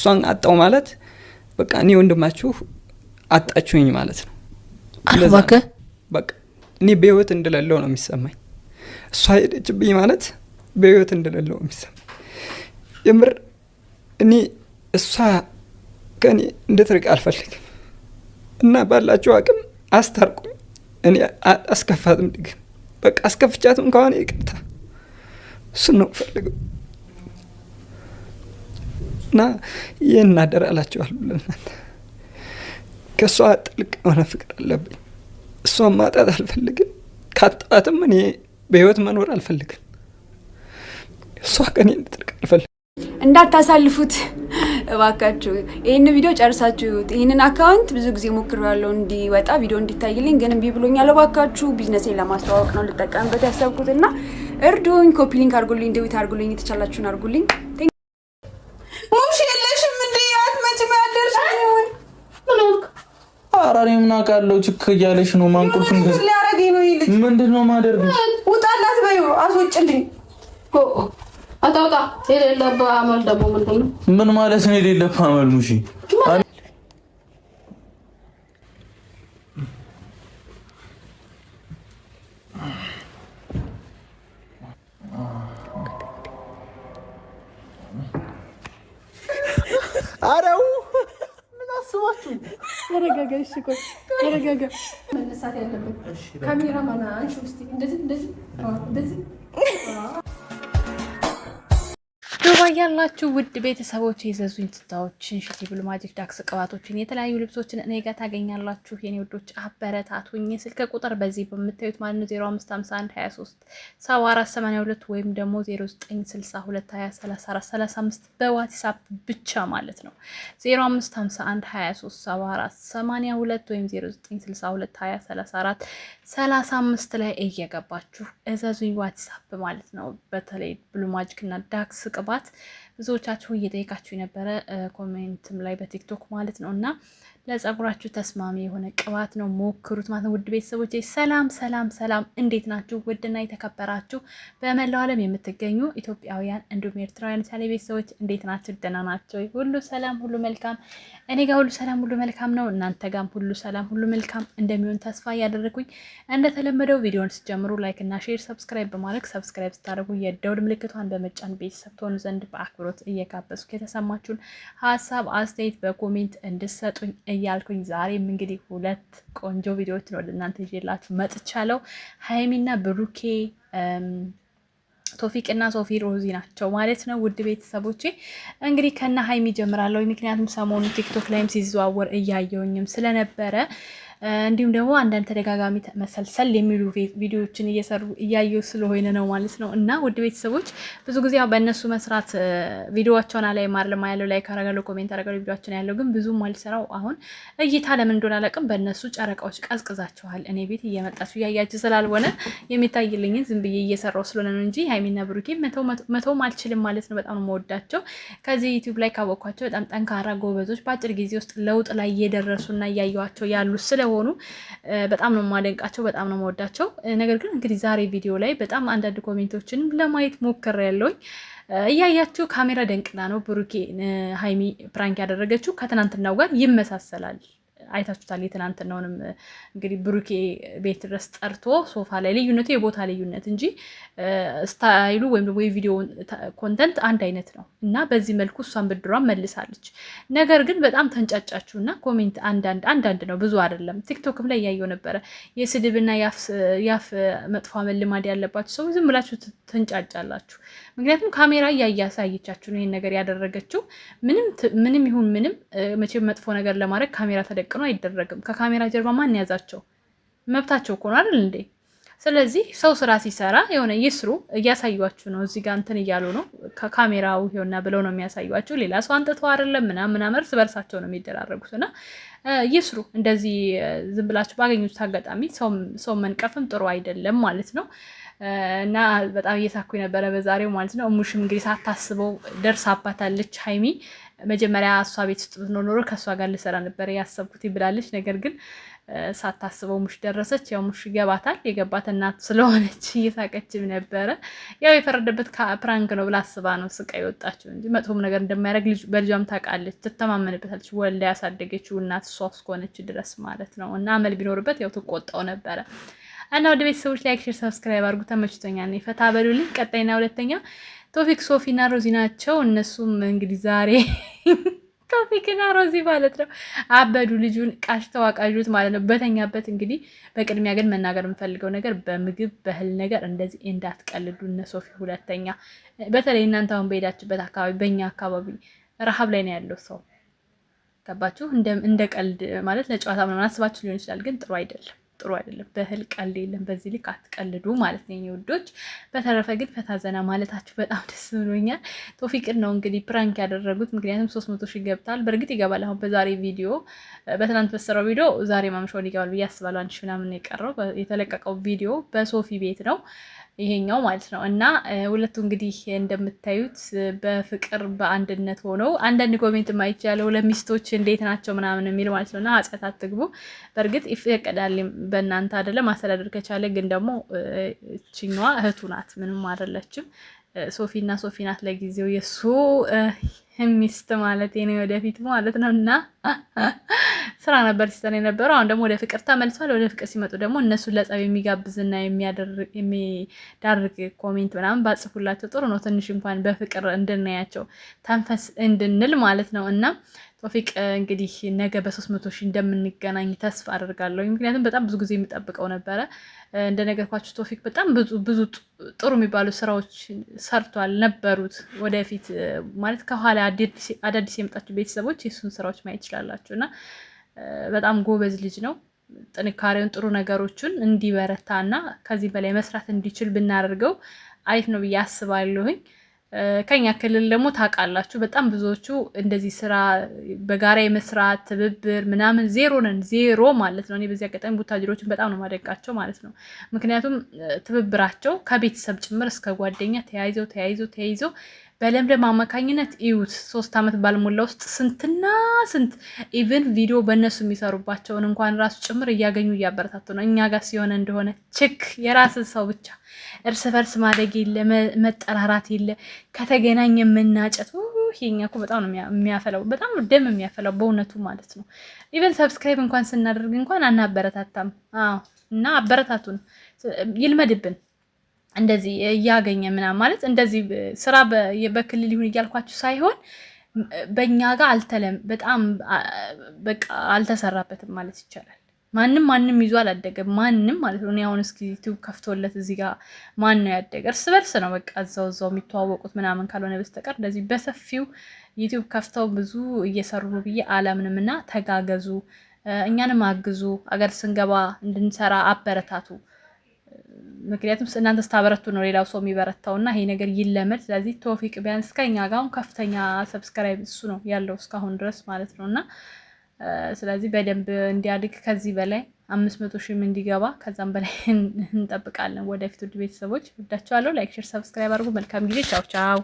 እሷን አጣው ማለት በቃ እኔ ወንድማችሁ አጣችሁኝ ማለት ነው። አልባከ በቃ እኔ በህይወት እንደሌለው ነው የሚሰማኝ። እሷ ሄደችብኝ ማለት በህይወት እንደሌለው የሚሰማኝ የምር እኔ እሷ ከእኔ እንድትርቅ አልፈልግም እና ባላችሁ አቅም አስታርቁኝ። እኔ አስከፋትም ድግም በቃ አስከፍቻትም ከሆነ ይቅርታ እሱን ነው ፈልገው እና ይህን እናደር አላቸዋል ብለናል። ከእሷ ጥልቅ የሆነ ፍቅር አለብኝ። እሷን ማጣት አልፈልግም። ካጣትም እኔ በህይወት መኖር አልፈልግም። እሷ ከኔ እንድትርቅ አልፈልግም። እንዳታሳልፉት እባካችሁ። ይህን ቪዲዮ ጨርሳችሁ ጨርሳችሁት። ይህንን አካውንት ብዙ ጊዜ ሞክሬያለሁ እንዲወጣ ቪዲዮ እንዲታይልኝ፣ ግን እምቢ ብሎኛል። እባካችሁ ቢዝነሴን ለማስተዋወቅ ነው ልጠቀምበት ያሰብኩት እና እርዱኝ። ኮፒ ሊንክ አድርጉልኝ፣ ደዊት አድርጉልኝ፣ የተቻላችሁን አድርጉልኝ። ኧረ እኔ ምን አውቃለሁ። ችክ እያለሽ ነው ማንቁልፍ። ምንድን ነው የማደርገው? ውጣላት በይው፣ አስወጭልኝ። አታውጣ። የሌለብህ አመል ደግሞ ምንድን ነው? ምን ማለት ነው የሌለብህ አመል ሙሽ ተረጋጋ። እሺ ቆይ ተረጋጋ። መነሳት ያለበት ካሜራ ማን አንቺ እንደዚህ እንደዚህ እንደዚህ ያላችሁ ውድ ቤተሰቦች የዘዙኝ ትታዎችን ሽቲ ብሉ ማጂክ ዳክስ ቅባቶችን የተለያዩ ልብሶችን እኔ ጋር ታገኛላችሁ። የኔ ውዶች አበረታቱኝ። ስልክ ቁጥር በዚህ በምታዩት ማለት ነው 0551237482 ወይም ደግሞ 0962233435 በዋትሳፕ ብቻ ማለት ነው 0551237482 ወይም ላይ እየገባችሁ እዘዙኝ ዋትሳፕ ማለት ነው። በተለይ ብሉ ማጂክ እና ዳክስ ቅባት ብዙዎቻችሁ እየጠየቃችሁ የነበረ ኮሜንትም ላይ በቲክቶክ ማለት ነው እና ለጸጉራችሁ ተስማሚ የሆነ ቅባት ነው። ሞክሩት ማለት ነው። ውድ ቤተሰቦች ሰላም ሰላም ሰላም፣ እንዴት ናችሁ? ውድና የተከበራችሁ በመላው ዓለም የምትገኙ ኢትዮጵያውያን እንዲሁም ኤርትራውያን ቻለ ቤተሰቦች እንዴት ናችሁ? ደህና ናቸው። ሁሉ ሰላም፣ ሁሉ መልካም። እኔ ጋር ሁሉ ሰላም፣ ሁሉ መልካም ነው። እናንተ ጋም ሁሉ ሰላም፣ ሁሉ መልካም እንደሚሆን ተስፋ እያደረኩኝ እንደተለመደው ቪዲዮን ስጀምሩ ላይክ እና ሼር፣ ሰብስክራይብ በማድረግ ሰብስክራይብ ስታደርጉ የደውል ምልክቷን በመጫን ቤተሰብ ትሆኑ ዘንድ በአክብሮት እየጋበዝኩ የተሰማችሁን ሀሳብ አስተያየት በኮሜንት እንድሰጡኝ እያልኩኝ ዛሬም እንግዲህ ሁለት ቆንጆ ቪዲዮዎችን ወደ እናንተ ይዤላችሁ መጥቻለሁ። ሀይሚና ብሩኬ ቶፊቅ እና ሶፊ ሮዚ ናቸው ማለት ነው። ውድ ቤተሰቦቼ እንግዲህ ከነ ሀይሚ ጀምራለሁ። ምክንያቱም ሰሞኑ ቲክቶክ ላይም ሲዘዋወር እያየውኝም ስለነበረ እንዲሁም ደግሞ አንዳንድ ተደጋጋሚ መሰልሰል የሚሉ ቪዲዮዎችን እየሰሩ እያየው ስለሆነ ነው ማለት ነው። እና ውድ ቤተሰቦች ብዙ ጊዜ በእነሱ መስራት ቪዲዮቸውን አላይ ማርልማ ያለው ላይ ካረጋለው ኮሜንት አረጋለው ቪዲዮችን ያለው ግን ብዙም አልሰራው አሁን እይታ ለምን እንደሆነ አላውቅም። በእነሱ ጨረቃዎች ቀዝቅዛችኋል። እኔ ቤት እየመጣችሁ እያያችሁ ስላልሆነ የሚታይልኝን ዝም ብዬ እየሰራው ስለሆነ ነው እንጂ ሀይሚና ብሩኬ መተውም አልችልም ማለት ነው። በጣም መወዳቸው ከዚህ ዩቲዩብ ላይ ካወቅኳቸው በጣም ጠንካራ ጎበዞች በአጭር ጊዜ ውስጥ ለውጥ ላይ እየደረሱና እያየኋቸው ያሉ ስለ ሳይሆኑ በጣም ነው የማደንቃቸው፣ በጣም ነው የማወዳቸው። ነገር ግን እንግዲህ ዛሬ ቪዲዮ ላይ በጣም አንዳንድ ኮሜንቶችን ለማየት ያለውኝ እያያችሁ ካሜራ ደንቅና ነው ብሩኬ ሀይሚ ፕራንክ ያደረገችው ከትናንትናው ጋር ይመሳሰላል አይታችሁታል። የትናንትናውንም እንግዲህ ብሩኬ ቤት ድረስ ጠርቶ ሶፋ ላይ ልዩነቱ የቦታ ልዩነት እንጂ ስታይሉ ወይም ደግሞ የቪዲዮ ኮንተንት አንድ አይነት ነው እና በዚህ መልኩ እሷን ብድሯን መልሳለች። ነገር ግን በጣም ተንጫጫችሁ እና ኮሜንት አንዳንድ አንዳንድ ነው ብዙ አይደለም። ቲክቶክም ላይ እያየው ነበረ የስድብና ያፍ መጥፎ መልማድ ልማድ ያለባችሁ ሰው ዝም ብላችሁ ተንጫጫላችሁ። ምክንያቱም ካሜራ እያሳየቻችሁ ነው ይህን ነገር ያደረገችው። ምንም ይሁን ምንም መቼም መጥፎ ነገር ለማድረግ ካሜራ ተደቅኖ አይደረግም። ከካሜራ ጀርባ ማን ያዛቸው? መብታቸው እኮ ነው አይደል እንዴ? ስለዚህ ሰው ስራ ሲሰራ የሆነ ይስሩ። እያሳዩችሁ ነው እዚህ ጋር እንትን እያሉ ነው። ከካሜራው ሆና ብለው ነው የሚያሳዩችሁ። ሌላ ሰው አንጥቶ አይደለም ምናምን ምናምን፣ እርስ በርሳቸው ነው የሚደራረጉት። እና ይስሩ እንደዚህ ዝም ብላችሁ ባገኙት አጋጣሚ ሰው መንቀፍም ጥሩ አይደለም ማለት ነው። እና በጣም እየሳኩ ነበረ በዛሬው ማለት ነው። እሙሽም እንግዲህ ሳታስበው ደርሳባታለች ሀይሚ። መጀመሪያ እሷ ቤት ውስጥ ብትኖር ኖሮ ከእሷ ጋር ልሰራ ነበረ ያሰብኩት ብላለች። ነገር ግን ሳታስበው ሙሽ ደረሰች። ያው ሙሽ ይገባታል፣ የገባት እናት ስለሆነች እየሳቀችም ነበረ። ያው የፈረደበት ፕራንክ ነው ብላ አስባ ነው ስቃ የወጣችው እንጂ መጥፎም ነገር እንደማያደርግ በልጇም ታውቃለች፣ ትተማመንበታለች። ወልዳ ያሳደገችው እናት እሷ እስከሆነች ድረስ ማለት ነው። እና አመል ቢኖርበት ያው ትቆጣው ነበረ። እና ወደ ቤተሰቦች ላይክ፣ ሼር፣ ሰብስክራይብ አድርጉ። ተመችቶኛል። ፈታ በሉልኝ። ቀጣይና ሁለተኛ ቶፊክ ሶፊና ሮዚ ናቸው። እነሱም እንግዲህ ዛሬ ቶፊክና ሮዚ ማለት ነው አበዱ። ልጁን ቃሽተው አቃዡት ማለት ነው በተኛበት። እንግዲህ በቅድሚያ ግን መናገር የምፈልገው ነገር በምግብ በእህል ነገር እንደዚህ እንዳትቀልዱ እነ ሶፊ። ሁለተኛ በተለይ እናንተ አሁን በሄዳችበት አካባቢ፣ በእኛ አካባቢ ረሃብ ላይ ነው ያለው ሰው። ገባችሁ? እንደ ቀልድ ማለት ለጨዋታ ምናምን አስባችሁ ሊሆን ይችላል፣ ግን ጥሩ አይደለም። ጥሩ አይደለም። በህል ቀልድ የለም። በዚህ ልክ አትቀልዱ ማለት ነው ውዶች። በተረፈ ግን ፈታዘና ማለታችሁ በጣም ደስ ብሎኛል። ቶፊቅን ነው እንግዲህ ፕራንክ ያደረጉት፣ ምክንያቱም ሶስት መቶ ሺህ ገብታል። በእርግጥ ይገባል። አሁን በዛሬ ቪዲዮ በትናንት በሰራው ቪዲዮ ዛሬ ማምሻውን ይገባል ብዬ አስባለሁ። አንድ ሺህ ምናምን የቀረው የተለቀቀው ቪዲዮ በሶፊ ቤት ነው ይሄኛው ማለት ነው። እና ሁለቱ እንግዲህ እንደምታዩት በፍቅር በአንድነት ሆነው አንዳንድ ኮሜንት ማይቻለው ለሚስቶች እንዴት ናቸው ምናምን የሚል ማለት ነው። እና ኃጢአት አትግቡ። በእርግጥ ይፈቀዳልም በእናንተ አይደለም ማስተዳደር ከቻለ ግን ደግሞ እችኛዋ እህቱ ናት፣ ምንም አደለችም ሶፊና ሶፊ ናት ለጊዜው የእሱ ሚስት ማለት ነው፣ ወደፊት ማለት ነው። እና ስራ ነበር ሲሰራ የነበረው። አሁን ደግሞ ወደ ፍቅር ተመልሷል። ወደ ፍቅር ሲመጡ ደግሞ እነሱን ለጸብ የሚጋብዝና የሚዳርግ ኮሜንት ምናምን ባጽፉላቸው ጥሩ ነው። ትንሽ እንኳን በፍቅር እንድናያቸው ተንፈስ እንድንል ማለት ነው እና ቶፊቅ እንግዲህ ነገ በሶስት መቶ ሺህ እንደምንገናኝ ተስፋ አደርጋለሁ። ምክንያቱም በጣም ብዙ ጊዜ የምጠብቀው ነበረ። እንደነገርኳችሁ ቶፊቅ በጣም ብዙ ጥሩ የሚባሉ ስራዎች ሰርቷል ነበሩት። ወደፊት ማለት ከኋላ አዳዲስ የመጣችሁ ቤተሰቦች የሱን ስራዎች ማየት ይችላላችሁ እና በጣም ጎበዝ ልጅ ነው። ጥንካሬውን ጥሩ ነገሮችን እንዲበረታ እና ከዚህ በላይ መስራት እንዲችል ብናደርገው አሪፍ ነው ብዬ አስባለሁኝ። ከኛ ክልል ደግሞ ታውቃላችሁ በጣም ብዙዎቹ እንደዚህ ስራ በጋራ የመስራት ትብብር ምናምን ዜሮ ነን፣ ዜሮ ማለት ነው። እኔ በዚህ አጋጣሚ ቡታጅሮችን በጣም ነው ማደንቃቸው ማለት ነው። ምክንያቱም ትብብራቸው ከቤተሰብ ጭምር እስከ ጓደኛ ተያይዘው ተያይዘው ተያይዘው በለምለም አማካኝነት እዩት። ሶስት ዓመት ባልሞላ ውስጥ ስንትና ስንት ኢቨን ቪዲዮ በእነሱ የሚሰሩባቸውን እንኳን ራሱ ጭምር እያገኙ እያበረታቱ ነው። እኛ ጋር ሲሆነ እንደሆነ ችክ የራስ ሰው ብቻ እርስ በርስ ማደግ የለ መጠራራት የለ ከተገናኘ መናጨት። ይሄኛ እኮ በጣም ነው የሚያፈላው፣ በጣም ደም የሚያፈላው በእውነቱ ማለት ነው። ኢቨን ሰብስክራይብ እንኳን ስናደርግ እንኳን አናበረታታም እና አበረታቱን፣ ይልመድብን እንደዚህ እያገኘ ምናምን ማለት እንደዚህ ስራ በክልል ይሁን እያልኳችሁ ሳይሆን በእኛ ጋር አልተለም በጣም በቃ አልተሰራበትም ማለት ይቻላል። ማንም ማንም ይዞ አላደገም። ማንም ማለት ነው። እኔ አሁን እስኪ ዩቲዩብ ከፍቶለት እዚህ ጋር ማን ነው ያደገ? እርስ በርስ ነው በቃ እዛው እዛው የሚተዋወቁት ምናምን ካልሆነ በስተቀር እንደዚህ በሰፊው ዩቲዩብ ከፍተው ብዙ እየሰሩ ነው ብዬ አላምንም። እና ተጋገዙ፣ እኛንም አግዙ፣ አገር ስንገባ እንድንሰራ አበረታቱ። ምክንያቱም እናንተ ስታበረቱ ነው ሌላው ሰው የሚበረታው እና ይሄ ነገር ይለመድ። ስለዚህ ቶፊቅ ቢያንስ ከኛ ጋር አሁን ከፍተኛ ሰብስክራይብ እሱ ነው ያለው እስካሁን ድረስ ማለት ነው እና ስለዚህ በደንብ እንዲያድግ ከዚህ በላይ አምስት መቶ ሺህም እንዲገባ ከዛም በላይ እንጠብቃለን። ወደፊት ውድ ቤተሰቦች ወዳቸዋለሁ። ላይክ፣ ሼር፣ ሰብስክራይብ አድርጉ። መልካም ጊዜ። ቻው ቻው።